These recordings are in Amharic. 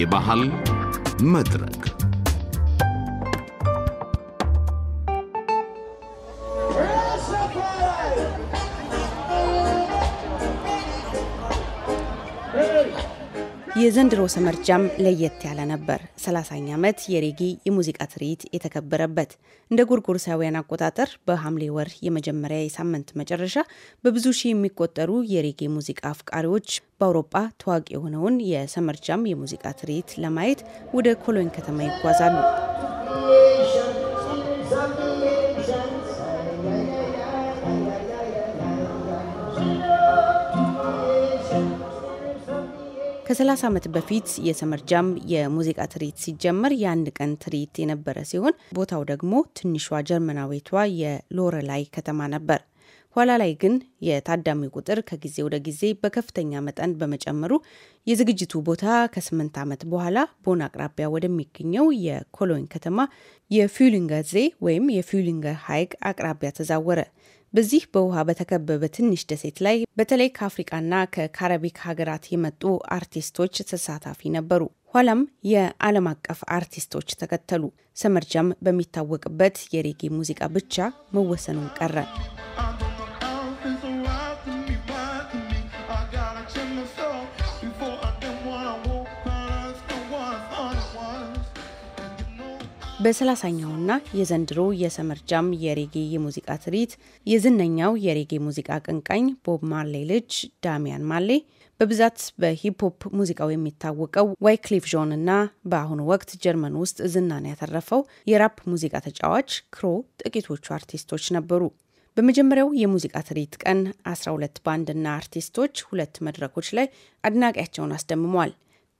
የባህል መድረክ የዘንድሮ ሰመርጃም ለየት ያለ ነበር። 30ኛ ዓመት የሬጌ የሙዚቃ ትርኢት የተከበረበት እንደ ጎርጎሮሳውያን አቆጣጠር በሐምሌ ወር የመጀመሪያ የሳምንት መጨረሻ በብዙ ሺህ የሚቆጠሩ የሬጌ ሙዚቃ አፍቃሪዎች በአውሮጳ ታዋቂ የሆነውን የሰመርጃም የሙዚቃ ትርኢት ለማየት ወደ ኮሎኝ ከተማ ይጓዛሉ። ከ30 ዓመት በፊት የሰመር ጃም የሙዚቃ ትርኢት ሲጀመር የአንድ ቀን ትርኢት የነበረ ሲሆን ቦታው ደግሞ ትንሿ ጀርመናዊቷ የሎረላይ ከተማ ነበር። ኋላ ላይ ግን የታዳሚ ቁጥር ከጊዜ ወደ ጊዜ በከፍተኛ መጠን በመጨመሩ የዝግጅቱ ቦታ ከስምንት ዓመት በኋላ ቦን አቅራቢያ ወደሚገኘው የኮሎኝ ከተማ የፊሊንገር ዜ ወይም የፊሊንገር ሐይቅ አቅራቢያ ተዛወረ። በዚህ በውሃ በተከበበ ትንሽ ደሴት ላይ በተለይ ከአፍሪቃና ከካረቢክ ሀገራት የመጡ አርቲስቶች ተሳታፊ ነበሩ። ኋላም የዓለም አቀፍ አርቲስቶች ተከተሉ። ሰመርጃም በሚታወቅበት የሬጌ ሙዚቃ ብቻ መወሰኑን ቀረ። በሰላሳኛውና የዘንድሮ የሰመር ጃም የሬጌ የሙዚቃ ትርኢት የዝነኛው የሬጌ ሙዚቃ አቀንቃኝ ቦብ ማርሌ ልጅ ዳሚያን ማሌ በብዛት በሂፕሆፕ ሙዚቃው የሚታወቀው ዋይክሊፍ ጆን እና በአሁኑ ወቅት ጀርመን ውስጥ ዝናን ያተረፈው የራፕ ሙዚቃ ተጫዋች ክሮ ጥቂቶቹ አርቲስቶች ነበሩ። በመጀመሪያው የሙዚቃ ትርኢት ቀን 12 ባንድና አርቲስቶች ሁለት መድረኮች ላይ አድናቂያቸውን አስደምሟል።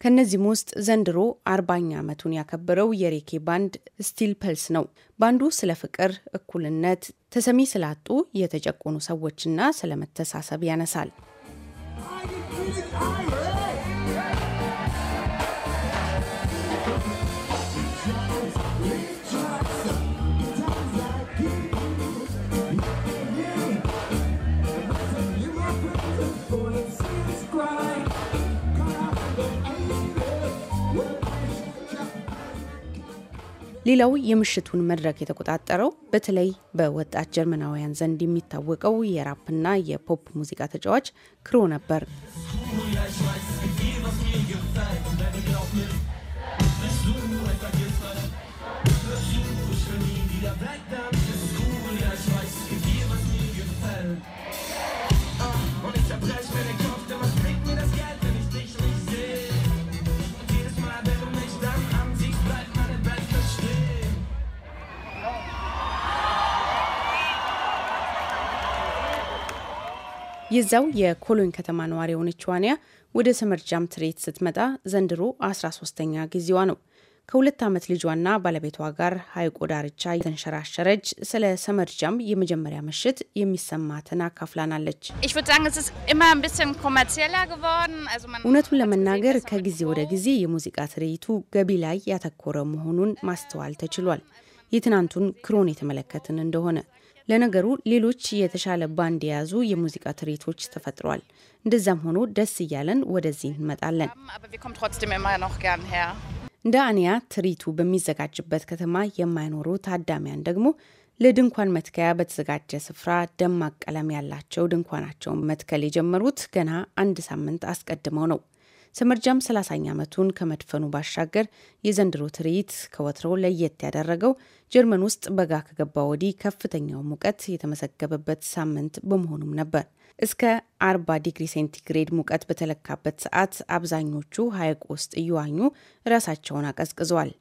ከእነዚህም ውስጥ ዘንድሮ አርባኛ ዓመቱን ያከበረው የሬኬ ባንድ ስቲል ፐልስ ነው። ባንዱ ስለ ፍቅር፣ እኩልነት፣ ተሰሚ ስላጡ የተጨቆኑ ሰዎችና ስለ መተሳሰብ ያነሳል። ሌላው የምሽቱን መድረክ የተቆጣጠረው በተለይ በወጣት ጀርመናውያን ዘንድ የሚታወቀው የራፕና የፖፕ ሙዚቃ ተጫዋች ክሮ ነበር። የዛው የኮሎኝ ከተማ ነዋሪ የሆነች ዋንያ ወደ ሰመርጃም ትርኢት ስትመጣ ዘንድሮ 13ተኛ ጊዜዋ ነው። ከሁለት ዓመት ልጇና ባለቤቷ ጋር ሐይቁ ዳርቻ የተንሸራሸረች ስለ ሰመርጃም የመጀመሪያ ምሽት የሚሰማትን አካፍላናለች። እውነቱን ለመናገር ከጊዜ ወደ ጊዜ የሙዚቃ ትርኢቱ ገቢ ላይ ያተኮረ መሆኑን ማስተዋል ተችሏል። የትናንቱን ክሮን የተመለከትን እንደሆነ ለነገሩ ሌሎች የተሻለ ባንድ የያዙ የሙዚቃ ትርኢቶች ተፈጥረዋል። እንደዛም ሆኖ ደስ እያለን ወደዚህ እንመጣለን። እንደ አንያ ትርኢቱ በሚዘጋጅበት ከተማ የማይኖሩ ታዳሚያን ደግሞ ለድንኳን መትከያ በተዘጋጀ ስፍራ ደማቅ ቀለም ያላቸው ድንኳናቸውን መትከል የጀመሩት ገና አንድ ሳምንት አስቀድመው ነው። ሰመርጃም ሰላሳኛ ዓመቱን ከመድፈኑ ባሻገር የዘንድሮ ትርኢት ከወትሮው ለየት ያደረገው ጀርመን ውስጥ በጋ ከገባ ወዲህ ከፍተኛው ሙቀት የተመዘገበበት ሳምንት በመሆኑም ነበር። እስከ 40 ዲግሪ ሴንቲግሬድ ሙቀት በተለካበት ሰዓት አብዛኞቹ ሐይቅ ውስጥ እየዋኙ ራሳቸውን አቀዝቅዘዋል።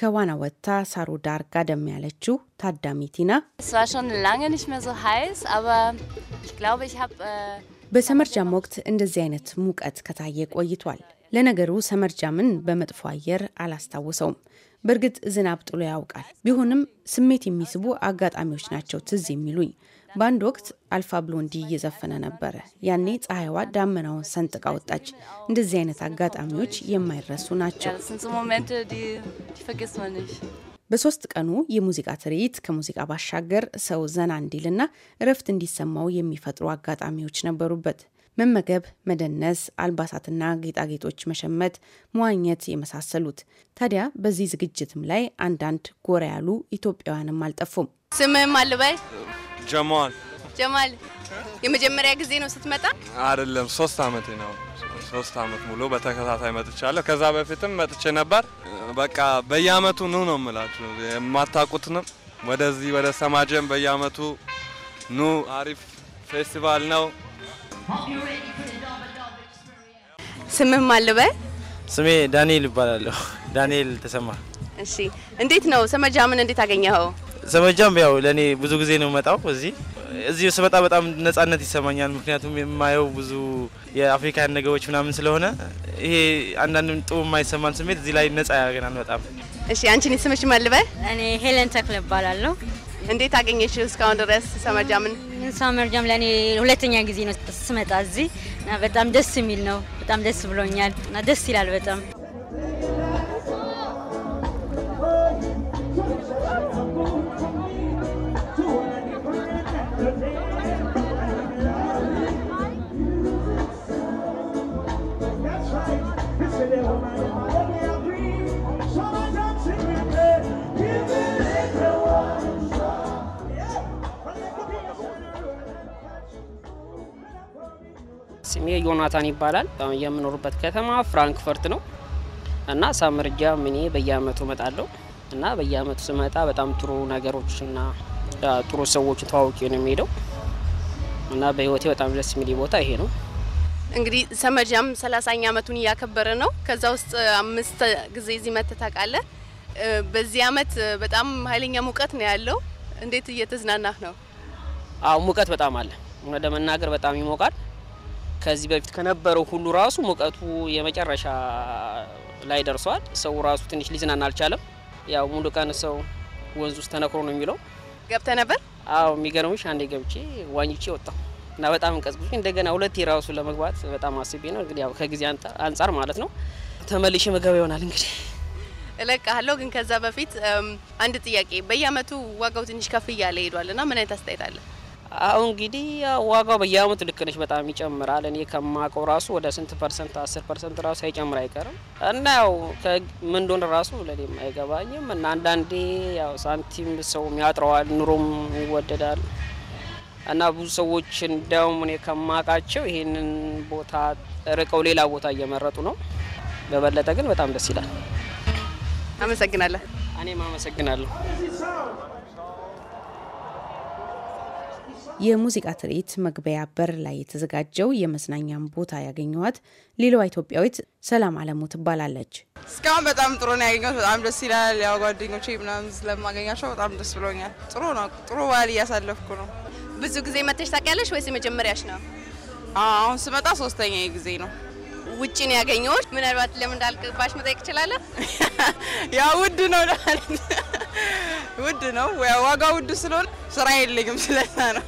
ከዋና ወጥታ ሳሩ ዳር ጋደም ያለችው ታዳሚ ቲና በሰመርጃም ወቅት እንደዚህ አይነት ሙቀት ከታየ ቆይቷል። ለነገሩ ሰመርጃምን በመጥፎ አየር አላስታውሰውም። በእርግጥ ዝናብ ጥሎ ያውቃል። ቢሆንም ስሜት የሚስቡ አጋጣሚዎች ናቸው ትዝ የሚሉኝ። በአንድ ወቅት አልፋ ብሎንዲ እየዘፈነ ነበረ። ያኔ ፀሐይዋ ዳመናውን ሰንጥቃ ወጣች። እንደዚህ አይነት አጋጣሚዎች የማይረሱ ናቸው። በሶስት ቀኑ የሙዚቃ ትርኢት ከሙዚቃ ባሻገር ሰው ዘና እንዲልና እረፍት እንዲሰማው የሚፈጥሩ አጋጣሚዎች ነበሩበት። መመገብ፣ መደነስ፣ አልባሳትና ጌጣጌጦች መሸመት፣ መዋኘት የመሳሰሉት። ታዲያ በዚህ ዝግጅትም ላይ አንዳንድ ጎራ ያሉ ኢትዮጵያውያንም አልጠፉም። ስምህም አልበል? ጀማል ጀማል፣ የመጀመሪያ ጊዜ ነው ስትመጣ? አይደለም ሶስት አመቴ ነው። ሶስት አመት ሙሉ በተከታታይ መጥቻለሁ። ከዛ በፊትም መጥቼ ነበር። በቃ በየአመቱ ኑ ነው የምላችሁ። የማታውቁትንም ወደዚህ ወደ ሰማጀን በየአመቱ ኑ። አሪፍ ፌስቲቫል ነው። ስምህ ማን ስሜ ዳንኤል ይባላለሁ። ዳንኤል ተሰማ። እሺ፣ እንዴት ነው ሰመጃምን እንዴት አገኘኸው? ሰመጃም ያው ለእኔ ብዙ ጊዜ ነው መጣው እዚህ እዚህ ስመጣ በጣም ነጻነት ይሰማኛል። ምክንያቱም የማየው ብዙ የአፍሪካ ነገሮች ምናምን ስለሆነ ይሄ አንዳንድም ጥሩ የማይሰማን ስሜት እዚህ ላይ ነጻ ያገናል በጣም። እሺ አንቺን ስምሽ ማን እኔ ሄለን ተክል እባላለሁ። እንዴት አገኘሽው እስካሁን ድረስ ሰመርጃምን? ሰመርጃም ለእኔ ሁለተኛ ጊዜ ነው ስመጣ እዚህ እና በጣም ደስ የሚል ነው። በጣም ደስ ብሎኛል እና ደስ ይላል በጣም ዮናታን ይባላል። የምኖርበት ከተማ ፍራንክፈርት ነው እና ሳምርጃ ምኔ በየአመቱ እመጣለሁ እና በየአመቱ ስመጣ በጣም ጥሩ ነገሮችና ጥሩ ሰዎች ተዋውቂ ነው የሚሄደው እና በህይወቴ በጣም ደስ የሚል ቦታ ይሄ ነው። እንግዲህ ሰመጃም ሰላሳኛ አመቱን እያከበረ ነው። ከዛ ውስጥ አምስት ጊዜ እዚህ መጥተህ ታውቃለህ። በዚህ አመት በጣም ኃይለኛ ሙቀት ነው ያለው። እንዴት እየተዝናናህ ነው? አዎ ሙቀት በጣም አለ፣ ለመናገር በጣም ይሞቃል። ከዚህ በፊት ከነበረው ሁሉ ራሱ ሙቀቱ የመጨረሻ ላይ ደርሷል። ሰው ራሱ ትንሽ ሊዝናና አልቻለም። ያው ሙሉ ቀን ሰው ወንዝ ውስጥ ተነክሮ ነው የሚለው። ገብተ ነበር? አዎ የሚገርምሽ አንዴ ገብቼ ዋኝቼ ወጣሁ እና በጣም እንቀዝቅዙ እንደገና ሁለቴ ራሱ ለመግባት በጣም አስቤ ነው እንግዲህ ያው ከጊዜ አንጻር ማለት ነው። ተመልሼ መገበ ይሆናል እንግዲህ እለቃለሁ ግን ከዛ በፊት አንድ ጥያቄ፣ በየአመቱ ዋጋው ትንሽ ከፍ እያለ ሄዷል እና ምን አይነት አስተያየት አለ? አሁን እንግዲህ ዋጋው በየአመቱ ልክ ነች፣ በጣም ይጨምራል። እኔ ከማውቀው ራሱ ወደ ስንት ፐርሰንት አስር ፐርሰንት ራሱ ሳይጨምር አይቀርም እና ያው ምን እንደሆነ ራሱ ለእኔም አይገባኝም። እና አንዳንዴ ያው ሳንቲም ሰው ያጥረዋል፣ ኑሮም ይወደዳል እና ብዙ ሰዎች እንዲያውም እኔ ከማውቃቸው ይህንን ቦታ ርቀው ሌላ ቦታ እየመረጡ ነው። በበለጠ ግን በጣም ደስ ይላል። አመሰግናለሁ። እኔም አመሰግናለሁ። የሙዚቃ ትርኢት መግቢያ በር ላይ የተዘጋጀው የመዝናኛም ቦታ ያገኘዋት ሌላዋ ኢትዮጵያዊት ሰላም አለሙ ትባላለች። እስካሁን በጣም ጥሩ ነው ያገኘት። በጣም ደስ ይላል። ያው ጓደኞቼ ምናምን ስለማገኛቸው በጣም ደስ ብሎኛል። ጥሩ ነው። ጥሩ ባህል እያሳለፍኩ ነው። ብዙ ጊዜ መተሽ ታውቂያለሽ ወይስ የመጀመሪያሽ ነው? አሁን ስመጣ ሶስተኛ ጊዜ ነው። ውጭ ነው ያገኘሁት። ምናልባት ለምን እንዳልቅባሽ መጠየቅ እችላለሁ? ያው ውድ ነው ውድ ነው ዋጋ ውድ ስለሆነ ስራ የለኝም። ስለዛ ነው።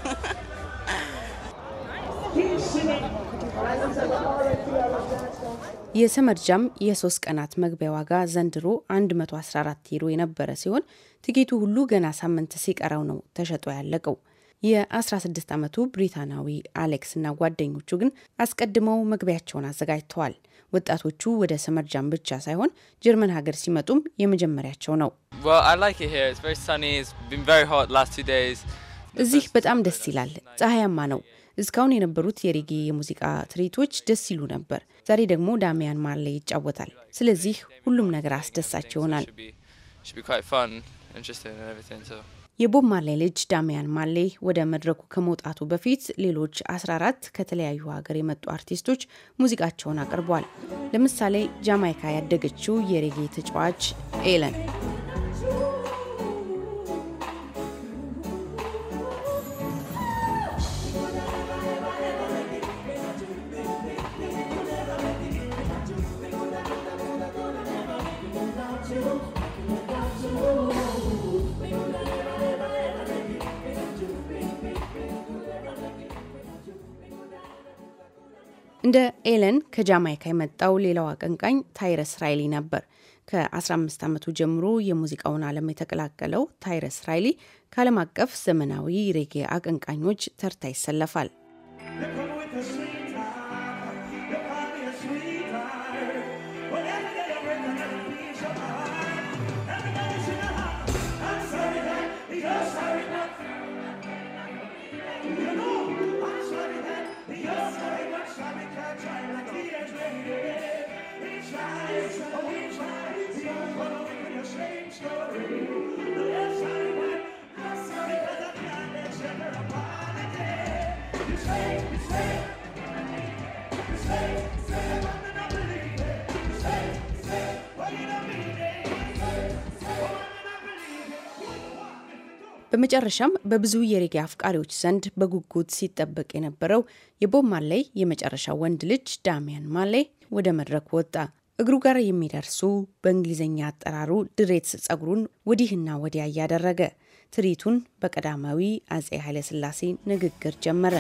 የሰመድ የሶስት ቀናት መግቢያ ዋጋ ዘንድሮ 114 ዩሮ የነበረ ሲሆን ትኬቱ ሁሉ ገና ሳምንት ሲቀረው ነው ተሸጦ ያለቀው። የ16 ዓመቱ ብሪታናዊ አሌክስ እና ጓደኞቹ ግን አስቀድመው መግቢያቸውን አዘጋጅተዋል። ወጣቶቹ ወደ ሰመርጃም ብቻ ሳይሆን ጀርመን ሀገር ሲመጡም የመጀመሪያቸው ነው። እዚህ በጣም ደስ ይላል፣ ፀሐያማ ነው። እስካሁን የነበሩት የሬጌ የሙዚቃ ትርኢቶች ደስ ይሉ ነበር። ዛሬ ደግሞ ዳሚያን ላይ ይጫወታል። ስለዚህ ሁሉም ነገር አስደሳች ይሆናል። የቦብ ማርሌ ልጅ ዳሚያን ማርሌ ወደ መድረኩ ከመውጣቱ በፊት ሌሎች 14 ከተለያዩ ሀገር የመጡ አርቲስቶች ሙዚቃቸውን አቅርቧል። ለምሳሌ ጃማይካ ያደገችው የሬጌ ተጫዋች ኤለን እንደ ኤለን ከጃማይካ የመጣው ሌላው አቀንቃኝ ታይረስ ራይሊ ነበር። ከ15 ዓመቱ ጀምሮ የሙዚቃውን ዓለም የተቀላቀለው ታይረስ ራይሊ ከዓለም አቀፍ ዘመናዊ ሬጌ አቀንቃኞች ተርታ ይሰለፋል። በመጨረሻም በብዙ የሬጌ አፍቃሪዎች ዘንድ በጉጉት ሲጠበቅ የነበረው የቦብ ማርሌይ የመጨረሻ ወንድ ልጅ ዳሚያን ማርሌይ ወደ መድረክ ወጣ። እግሩ ጋር የሚደርሱ በእንግሊዝኛ አጠራሩ ድሬትስ ጸጉሩን ወዲህና ወዲያ እያደረገ ትርኢቱን በቀዳማዊ አጼ ኃይለሥላሴ ንግግር ጀመረ።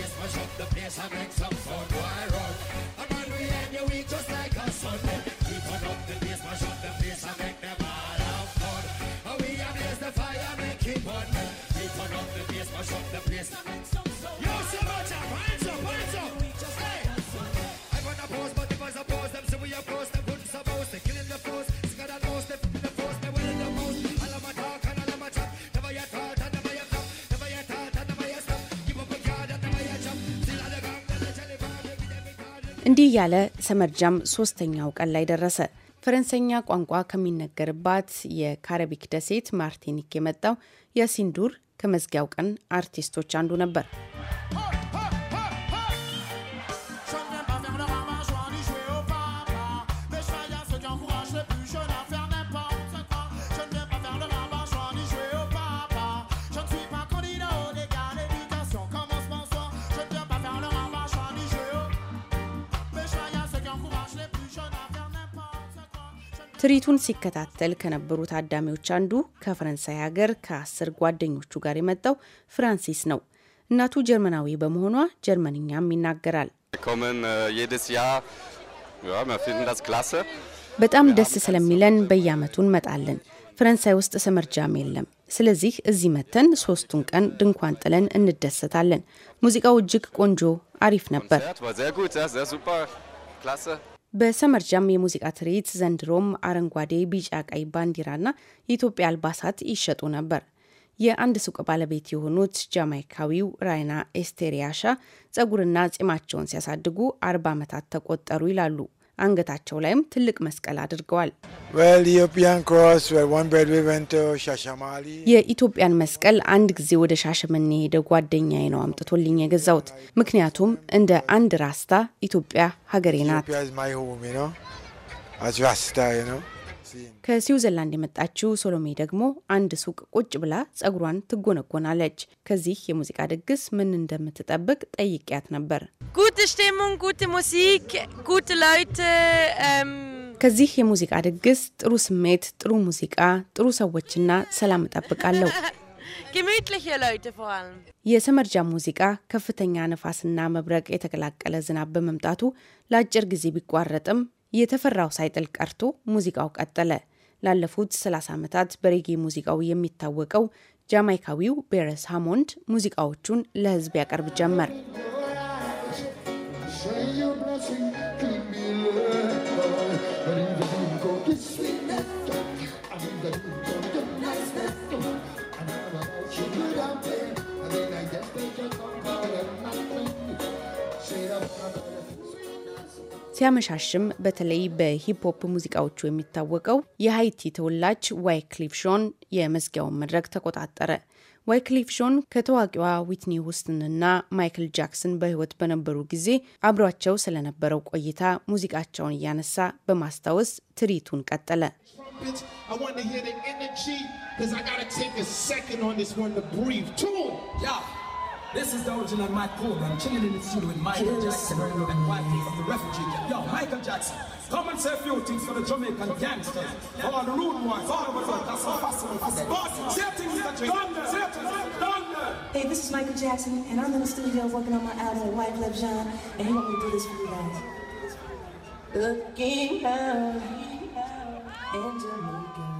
place, mash up the place and make some sound. Why run? And man, we end your week just like a Sunday. Keep on up the place, mash up the place and make them all have fun. And we ablaze the fire, make it burn. Keep on up the place, mash up the place and make some እንዲህ ያለ ሰመርጃም ሶስተኛው ቀን ላይ ደረሰ። ፈረንሳይኛ ቋንቋ ከሚነገርባት የካረቢክ ደሴት ማርቲኒክ የመጣው ያሲን ዱር ከመዝጊያው ቀን አርቲስቶች አንዱ ነበር። ትርኢቱን ሲከታተል ከነበሩ ታዳሚዎች አንዱ ከፈረንሳይ ሀገር ከአስር ጓደኞቹ ጋር የመጣው ፍራንሲስ ነው። እናቱ ጀርመናዊ በመሆኗ ጀርመንኛም ይናገራል። äh, በጣም ደስ ስለሚለን በየአመቱ እንመጣለን። ፈረንሳይ ውስጥ ሰመርጃም የለም። ስለዚህ እዚህ መተን ሶስቱን ቀን ድንኳን ጥለን እንደሰታለን። ሙዚቃው እጅግ ቆንጆ አሪፍ ነበር። በሰመርጃም የሙዚቃ ትርኢት ዘንድሮም አረንጓዴ፣ ቢጫ፣ ቀይ ባንዲራና የኢትዮጵያ አልባሳት ይሸጡ ነበር። የአንድ ሱቅ ባለቤት የሆኑት ጃማይካዊው ራይና ኤስቴሪያሻ ጸጉርና ጺማቸውን ሲያሳድጉ አርባ ዓመታት ተቆጠሩ ይላሉ። አንገታቸው ላይም ትልቅ መስቀል አድርገዋል። የኢትዮጵያን መስቀል አንድ ጊዜ ወደ ሻሸመኔ የሄደ ጓደኛዬ ነው አምጥቶልኝ የገዛሁት። ምክንያቱም እንደ አንድ ራስታ ኢትዮጵያ ሀገሬ ናት። ከስዊዘርላንድ የመጣችው ሶሎሜ ደግሞ አንድ ሱቅ ቁጭ ብላ ጸጉሯን ትጎነጎናለች። ከዚህ የሙዚቃ ድግስ ምን እንደምትጠብቅ ጠይቅያት ነበር። ähm, ከዚህ የሙዚቃ ድግስ ጥሩ ስሜት፣ ጥሩ ሙዚቃ፣ ጥሩ ሰዎችና ሰላም እጠብቃለሁ። የሰመርጃ ሙዚቃ ከፍተኛ ነፋስና መብረቅ የተቀላቀለ ዝናብ በመምጣቱ ለአጭር ጊዜ ቢቋረጥም የተፈራው ሳይጥል ቀርቶ ሙዚቃው ቀጠለ። ላለፉት 30 ዓመታት በሬጌ ሙዚቃው የሚታወቀው ጃማይካዊው ቤረስ ሃሞንድ ሙዚቃዎቹን ለሕዝብ ያቀርብ ጀመር። Sing ሲያመሻሽም በተለይ በሂፕሆፕ ሙዚቃዎቹ የሚታወቀው የሀይቲ ተወላጅ ዋይክሊፍ ሾን የመዝጊያውን መድረክ ተቆጣጠረ። ዋይክሊፍ ሾን ከታዋቂዋ ዊትኒ እና ማይክል ጃክሰን በህይወት በነበሩ ጊዜ አብሯቸው ስለነበረው ቆይታ ሙዚቃቸውን እያነሳ በማስታወስ ትርኢቱን ቀጠለ። This is the original Mike Coleman. I'm chilling in the studio with Michael Jackson and Whitey from the refugee camp. Yo, Michael Jackson, come and say a few things for the Jamaican gangsters, all the rude ones, all of us, that's all possible. But say things that you thunder, say thunder. Hey, this is Michael Jackson, and I'm in the studio working on my album, White Love John, and he want me to do this for you guys. Looking out in Jamaica.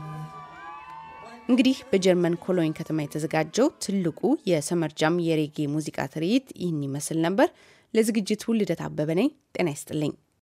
እንግዲህ በጀርመን ኮሎኝ ከተማ የተዘጋጀው ትልቁ የሰመር ጃም የሬጌ ሙዚቃ ትርኢት ይህን ይመስል ነበር። ለዝግጅቱ ልደት አበበ ነኝ። ጤና ይስጥልኝ።